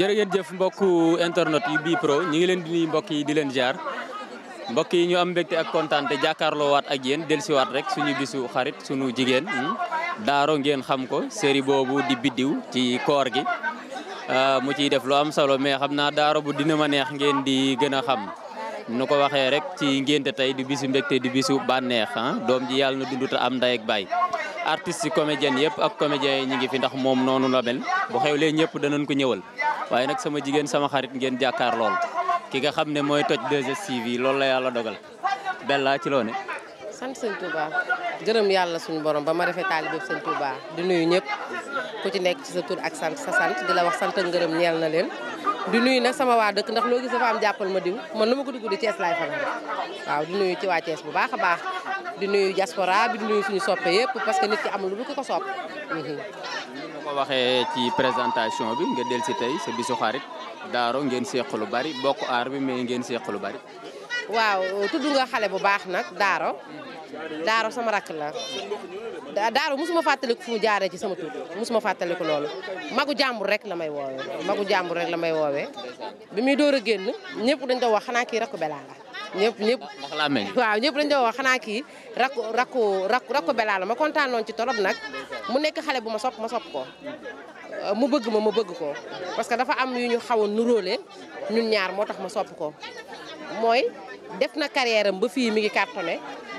jërë jëf mbokku internet yu bii pro ñu ngi leen di nuyu mbokk yi di leen jaar mbokk yi ñu am mbégte ak kontaan te waat ak yéen dellusiwaat rek suñu bisu xarit suñu jigéen hmm, daaro ngeen xam ko série boobu di biddiw ci koor gi euh, mu ciy def lu am solo mais xam naa daaro bu dina ma neex ngeen di gën a xam nu ko waxee rek ci ngénte tey di bisu mbégte di bisu bànneex ah doom ji yàlla na dund am ndey ak baay artistes yi comédienne yëpp ak comédiens yi ñu ngi fi ndax moom noonu la mel bu ñëpp danañ ko ñëwal waaye nag sama jigéen sama xarit ngeen jàkkaar lool ki nga xam ne mooy toj 2STV yi loolu la yàlla dogal benn Bella ci loo ne sant sëñ Touba gërëm yàlla suñu borom ba ma defee taalibeb sëñ Touba di nuyu ñëpp ku ci nekk ci sa tur ak sant sa sant di la wax sant ak ñeel na leen di nuyu nag sama waa dëkk ndax loo gis am jàppal ma diw man nu ma ko dugg di Thiès laay fanaan waaw di nuyu ci waa Thiès bu baax a baax di nuyu diaspora bi di nuyu suñu soppe yëpp parce que nit ki amul lu ko ko sopp mhm. ko waxee ci présentation bi nga del si tey sa bisu xarit daaro ngeen seq lu bari bokk aar bi mais ngeen seq lu bari. waaw tudd nga xale bu baax nag daaro Daro sama rakk la Daro mosuma fàttaliku fu mu jaaree ci sama tur ma fàttaliku loolu magu jàmbur rek la may woowee magu jàmbur rek la may woowe bi muy door a génn ñëpp dañ doon wax xanaa kii rakku belaa la ñëpp ñëpp wax xanaa kii rakku rakku la ma kontaanoon ci torop nag mu nekk xale bu ma sopp ma sopp ko euh, mu bëgg ma ma bëgg ko parce que dafa am yu ñu xaw a nuróole ñun ñaar moo tax ma sopp ko mooy def na carrière ba fii mi ngi cartonné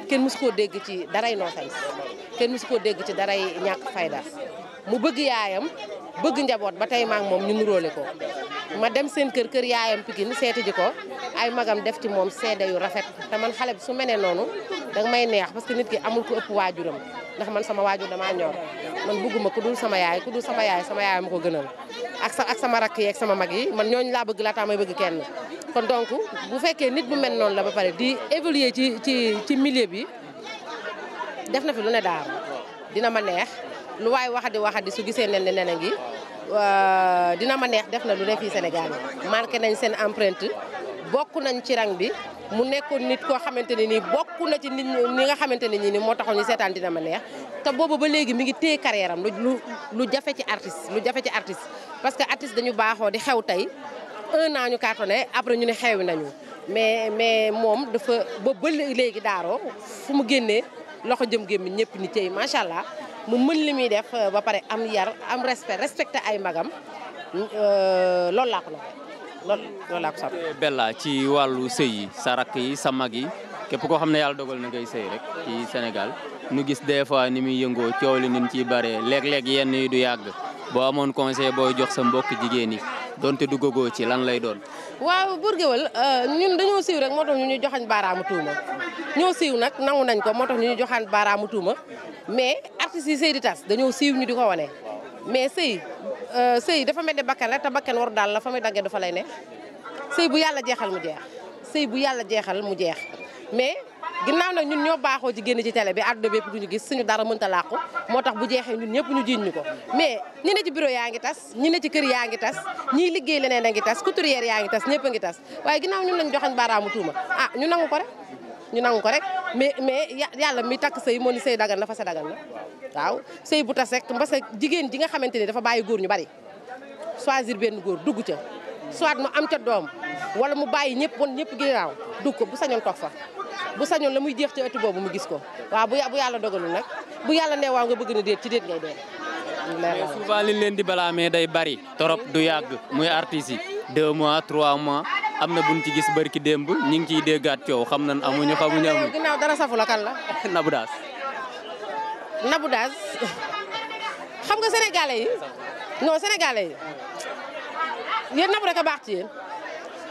kenn mësu koo dégg ci daray noofense kenn mësu koo dégg ci daray ñàkk fayda mu bëgg yaayam bëgg njaboot ba tey maak moom ñu nuróole ko ma dem seen kër kër yaayam Pikine seeti ji ko ay magam def ci moom seede yu rafet te man xale bi su mel noonu danga may neex parce que nit ki amul ku ëpp waajuram ndax man sama waajur damaa ñor man bëgguma ku dul sama yaay ku dul sama yaay sama yaay ma ko gënal ak sama rakk yi sama mag yi man ñooñu laa bëgg laataa may bëgg kenn kon donc bu fekkee nit bu mel noonu la ba pare di évoluer ci ci ci milieu bi def na fi lu ne daar dina ma neex lu waay waxadi waxadi su gisee nen ne nena gi euh, dina ma neex def na lu ne fii Sénégal marqué nañ seen empreinte bokk nañ ci rang bi mu nekkoon nit koo xamante ne nii bokk na ci nit ñi nga xamante ne nii moo taxoon ñu seetaan dina ma neex te boobu ba léegi mi ngi téye carrière am lu lu jafe ci artiste lu jafe ci artiste parce que artiste dañu baaxoo di xew tey un an ñu cartonné après ñu ne xewi nañu mais mais moom dafa ba ba léegi daaroo fu mu génnee loxo jëm gémmi ñëpp ni tey macha allah mu mën li muy def ba pare am yar am respect respecté ay magam euh, loolu laa ko loolu loolu laa ko Bella ci wàllu sëy yi sa rakk yi sa mag yi képp koo xam ne yàlla dogal na ngay sëy rek ci Sénégal nu gis des fois ni muy yëngoo coow li ni ci baree léeg-léeg yenn yi du yàgg boo amoon conseil booy jox sa mbokk jigéen yi donte du gogoo ci lan lay doon. waaw Bour Gueweul ñun dañoo siiw rek moo tax ñu ñu joxañ baaraamu tuuma ñoo siiw nag nangu nañ ko moo tax ñu ñu joxaan baaraamu tuuma mais artistes yi sëy di tas dañoo siiw ñu di ko wane. mais sëy euh, sëy dafa mel ni bakkan rek te bakkan waru daal la fa muy daggee dafa lay ne sëy bu yàlla jeexal mu jeex sëy bu yàlla jeexal mu jeex mais ginnaaw nag ñun ñoo baaxoo ci génn ci télé bi àdduna bépp duñu gis suñu dara mënta làqu moo tax bu jeexee ñun ñëpp ñu jiiñ ñu ko mais ñu ne ci bureau yaa ngi tas ñu ne ci kër yaa ngi tas ñiy liggéey leneen a ngi tas couturière yaa ngi tas ñëpp a ngi tas waaye ginnaaw ñun lañ joxañ baaraamu tuuma ah ñu ko ñu nangu ko rek mais mais yàlla mi takk sëy moo ni sëy dagan na fase dagan na waaw sëy bu tas rek que jigéen ji nga xamante ni dafa bàyyi góor ñu bari choisir benn góor dugg ca soit mu am ca doom wala mu bàyyi ñëpp woon ñëpp ginnaaw dugg ko bu sañoon toog fa bu sañoon la muy jeex ca ëtt boobu mu gis ko waaw bu bu yàlla dogalul nag bu yàlla nee waaw nga bëgg na déet ci déet ngay dee mais souvent leen di balaa balaamee day bari trop du yàgg muy artistes yi mois trois mois am na buñ ci gis barki démb ñu ngi ciy déggaat coow xam na amuñu xamuñu amuñu. Eh, ginnaaw dara safu la kan la. Nabou Dash. Nabou Dash xam nga sénégalais yi non sénégalais yi yéen Nabou rek a baax ci yéen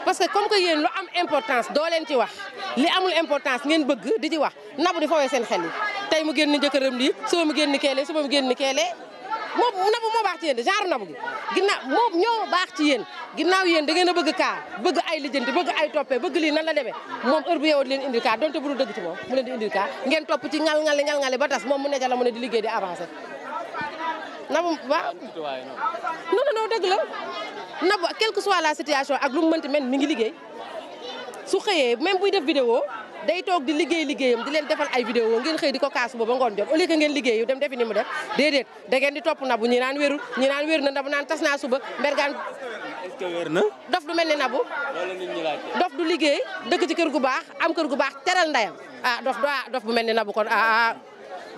parce que comme que yéen lu am importance doo leen ci wax li amul importance ngeen bëgg di ci wax Nabou di fawee seen xel yi tey mu génn jëkkëram lii suba mu génn keelee suma mu génn keelee. moom nabu moo baax ci yéen genre nabu gi ginnaaw moom ñoo baax ci yéen ginnaaw yéen da ngeen a bëgg kaa bëgg ay lijjanti bëgg ay toppee bëgg lii nan la demee moom heure bu yeewoo di leen indil kaa donte bu dul dëgg ci moom mu leen di indil kaa ngeen topp ci ngal ngale ngal ngale ba moom mu ne ca la mu ne di liggéey di avancé nabu waaw dëgg la nabu quelle que soit la situation ak lu mu mënti mel mi ngi liggéey su xëyee même buy def vidéo day toog di liggéey liggéeyam di leen defal ay vidéo ngeen xëy di ko kaas booba ngoon jot au lieu que ngeen liggéey dem defi mu def déedéet da ngeen di topp nabu ñi naan wéru ñi naan wéru na nabu naan tas naa suba mbergaan est-ce na dof du mel ni nabu dof du liggéey dëkk ci kër gu baax am kër gu baax teral ndayam ah dof ah dof bu mel ni nabu kon ah, ah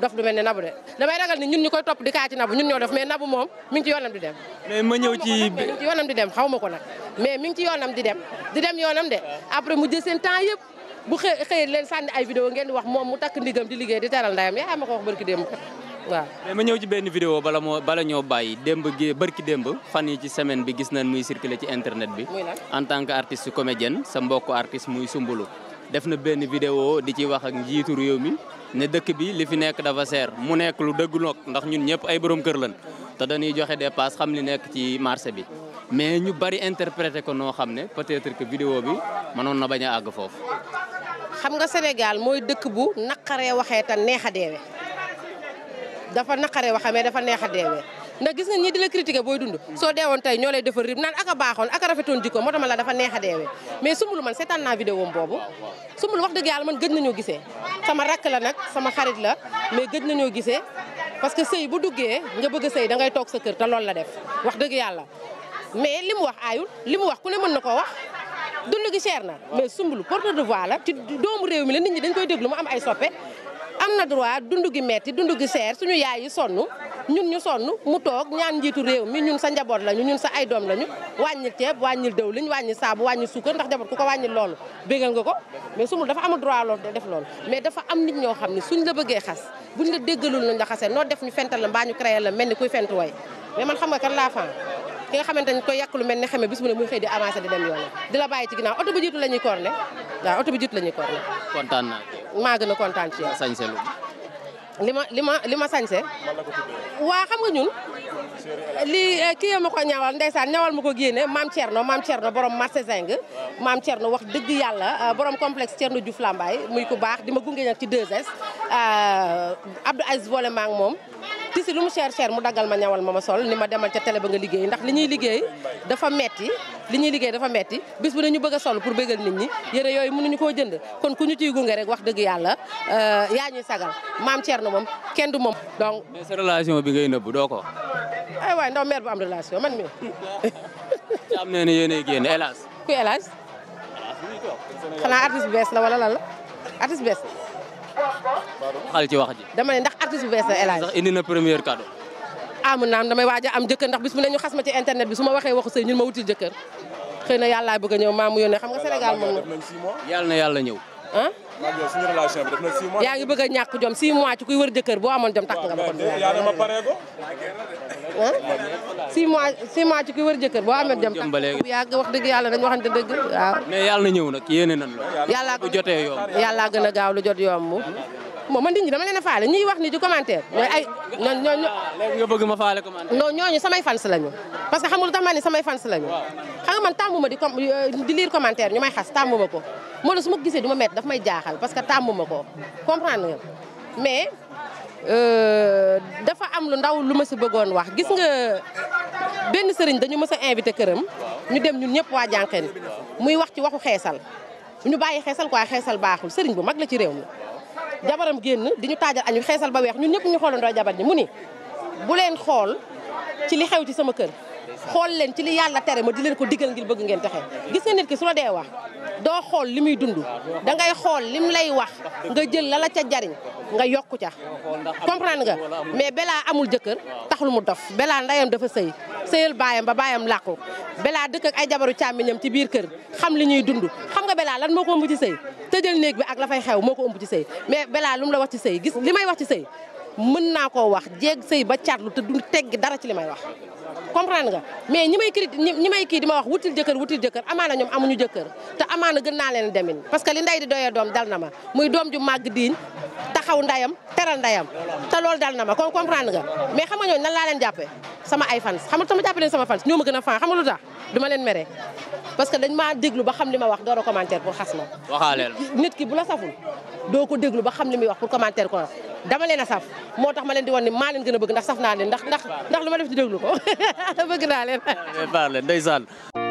dof du mel ni nabu de damay ragal ni ñun ñu koy topp di kaa ci nabu ñun ñoo def mais nabu moom mi ngi ci yoonam di dem mais ñëw ci mi ngi ci yoonam di dem xaw ma ko nag mais mi ngi ci yoonam di dem di dem yoonam de ah. après mu jël seen temps yëpp bu xëy xëyee leen sànni ay vidéo ngeen di wax moom mu takk ndigam di liggéey di teral ndayam yaa ma ko wax barki démb waaw. mais ma ñëw ci benn vidéo bala moo bala ñoo bàyyi demb gi barki demb fan yi ci semaine bi gis nañ muy circuler ci internet bi. en tant que artiste comédienne sa mbokk artiste muy Soumboulou. def na benn vidéo di ci wax ak njiitu réew mi ne dëkk bi li fi nekk dafa seer mu nekk lu dëgg nag ndax ñu ñëpp ay borom kër lañ te dañuy joxe dépasse xam li nekk ci marché bi. mais ñu bari interprété ko noo xam ne peut-être que vidéo bi manoon na bañ a àgg foofu. xam nga Sénégal mooy dëkk bu naqaree waxee te neex a deewee dafa naqaree waxee mais dafa neex a deewee ndax gis nga ñi di la critiquer booy dund. soo deewoon tey ñoo lay defar rib naan ak ak rafetoon jikko moo tax ma la dafa neex a deewee mais Soumboulou man seetaan naa vidéo boobu Soumboulou wax dëgg yàlla man gëj nañoo gisee sama rakk la nag sama xarit la mais gëj nañoo gisee parce que sëy bu duggee nga bëgg a sëy da ngay toog sa kër ta loolu la def wax dëgg yàlla. mais li mu wax aayul li mu wax ku ne mën na koo wax dund gi cher na mais Soumboulou porte de voix la ci doomu réew mi la nit ñi dañ koy déglu mu am ay soppe am na droit dund gi metti dund gi seer suñu yaay yi sonn ñun ñu sonn mu toog ñaan njiitu réew mi sa njaboot lañu ñun sa ay doom lañu wàññil ceeb wàññil dëwliñ wàññil saabu wàññil suukar ndax njaboot ku ko wàññil loolu bégal nga ko mais sumul dafa amul droit loolu def loolu mais dafa am nit ñoo xam ne suñ la bëggee xas buñ la déggalul lañ la xasee noo def ñu fental la mbaa ñu créé la mel ni kuy fentu way mais man xam nga kan laa fan ki nga xamante ni koy yàq lu mel ni xamee bis bu ne muy xëy di avancé di dem yoonam di la bàyyi ci ginnaaw oto bu jiitu la ñuy corné waaw oto bu jiitu la ñuy corné. kontaan naa maa gën a kontaan ci yow. li ma li ma li ma sañse. waa xam nga ñun. lii eh, kii yee ma ko ñawal ndeysaan ñawal ma ko génne maam Thierno maam Thierno borom marché Zeng maam Thierno wax dëgg yàlla eh, borom complexe Thierno Diouf Lambaye muy ku baax di ma gunge nag ci 2S eh, Abdou Aziz boole maa moom. tisi lu mu cher cher mu daggal ma ñawal ma ma sol ni ma demal ca télé ba nga liggéey ndax li ñuy liggéey dafa metti li ñuy liggéey dafa metti bis bu ne ñu bëgg a sol pour bëggal nit ñi yére yooyu ñu koo jënd kon ku ñu ciy gunge rek wax dëgg yàlla euh, yaa ñuy sagal maam na moom kenn du moom donc. mais sa relation bi ngay nëbb doo ko. ay waay ndaw mère bu am relation man mi ci am na ne yéenay génn hélas. ku hélas. xanaa artiste bees la walla lan la artiste bees. artiste bu bees na premier cadeau. ah mun naam damay waaj a am ma ci internet bi su ma waxee waxu sëy ñun ma wutil jëkkër xëy na yàlla a ñëw maa la. yàlla na yàlla ñëw. ah. suñu relation bi def na 6 mois. yaa ngi a ñàkk jom 6 mois ci kuy wër jëkkër boo amoon jom takk nga ma ko. yaa dama paree ko. ah 6 mois 6 mois ci kuy wër jëkkër boo amoon jom takk wax dëgg yàlla dañu waxante dëgg yàlla ñëw nag yéene nan la. yàlla bu jotee yomb. yàlla gën a gaaw lu jot yomb. moom man nit ñi dama leen a faale ñiy wax ni di commentaire ñooy ay ñooñ ñooñu léegi nga bëgg ma faale commentaire non ñooñu samay fans lañu parce que xamul tax ma samay fans lañu xam nga man tàmmuma di euh, di lire commentaire ñu may xas tàmmuma ko moo la su ma gisee du ma mett daf may jaaxal parce que tàmmuma ko comprendre nga mais euh, dafa am lu ndaw lu ma si bëggoon wax gis nga benn sëriñ dañu mës a invité këram ñu dem ñun ñëpp waa jànqeen muy wax ci waxu xeesal ñu bàyyi xeesal quoi xeesal baaxul sëriñ bu mag la ci réew mi jabaram génn di ñu taajal añ xeesal ba weex ñu ñëpp ñu xoolandoo jabar ji mu ni bu leen xool ci li xew ci sama kër xool leen ci li yàlla tere ma di leen ko diggal ngir bëgg ngeen texe gis nga nit ki su la dee wax doo xool li muy dund da ngay xool lim lay wax nga jël lala ca jariñ nga yokku ca comprendre nga mais Bella amul jëkkër taxul mu dof Bella ndeyam dafa sëy sëyal baayam ba baayam làqu Bella dëkk ak ay jabaru càmmiñam ci biir kër xam li ñuy dund Bella lan moo ko ëmb ci sëy tëjal néeg bi ak lafay xew moo ko ëmb ci sëy mais Bella lu mu la wax ci sëy gis li may wax ci sëy mën naa koo wax jeg sëy ba catlu te du tegg dara ci li may wax comprendre nga mais ñi may kii ñi may kii di ma wax wutil jëkkër wutil jëkkër amaana ñoom amuñu jëkkër te amaana gën naa leen demin parce que li nday di doyee doom dal na ma muy doom ju màgg diiñ taxaw ndayam teral ndayam te loolu dal na ma kon comprendre nga mais xam nga ñooñu nan laa leen jàppe sama ay fans xam nga sama jàppale sama fans ñoo ma gën a fan xam nga lu tax du ma leen mere parce que dañ maa déglu ba xam li ma wax door a commentaire pour xas ma. nit ki bu la saful doo ko déglu ba xam li muy wax pour commentaire ko dama leen a saf moo tax ma leen di wan ni maa leen gën a bëgg ndax saf naa leen ndax ndax ndax lu ma def ci déglu ko bëgg naa leen. mais par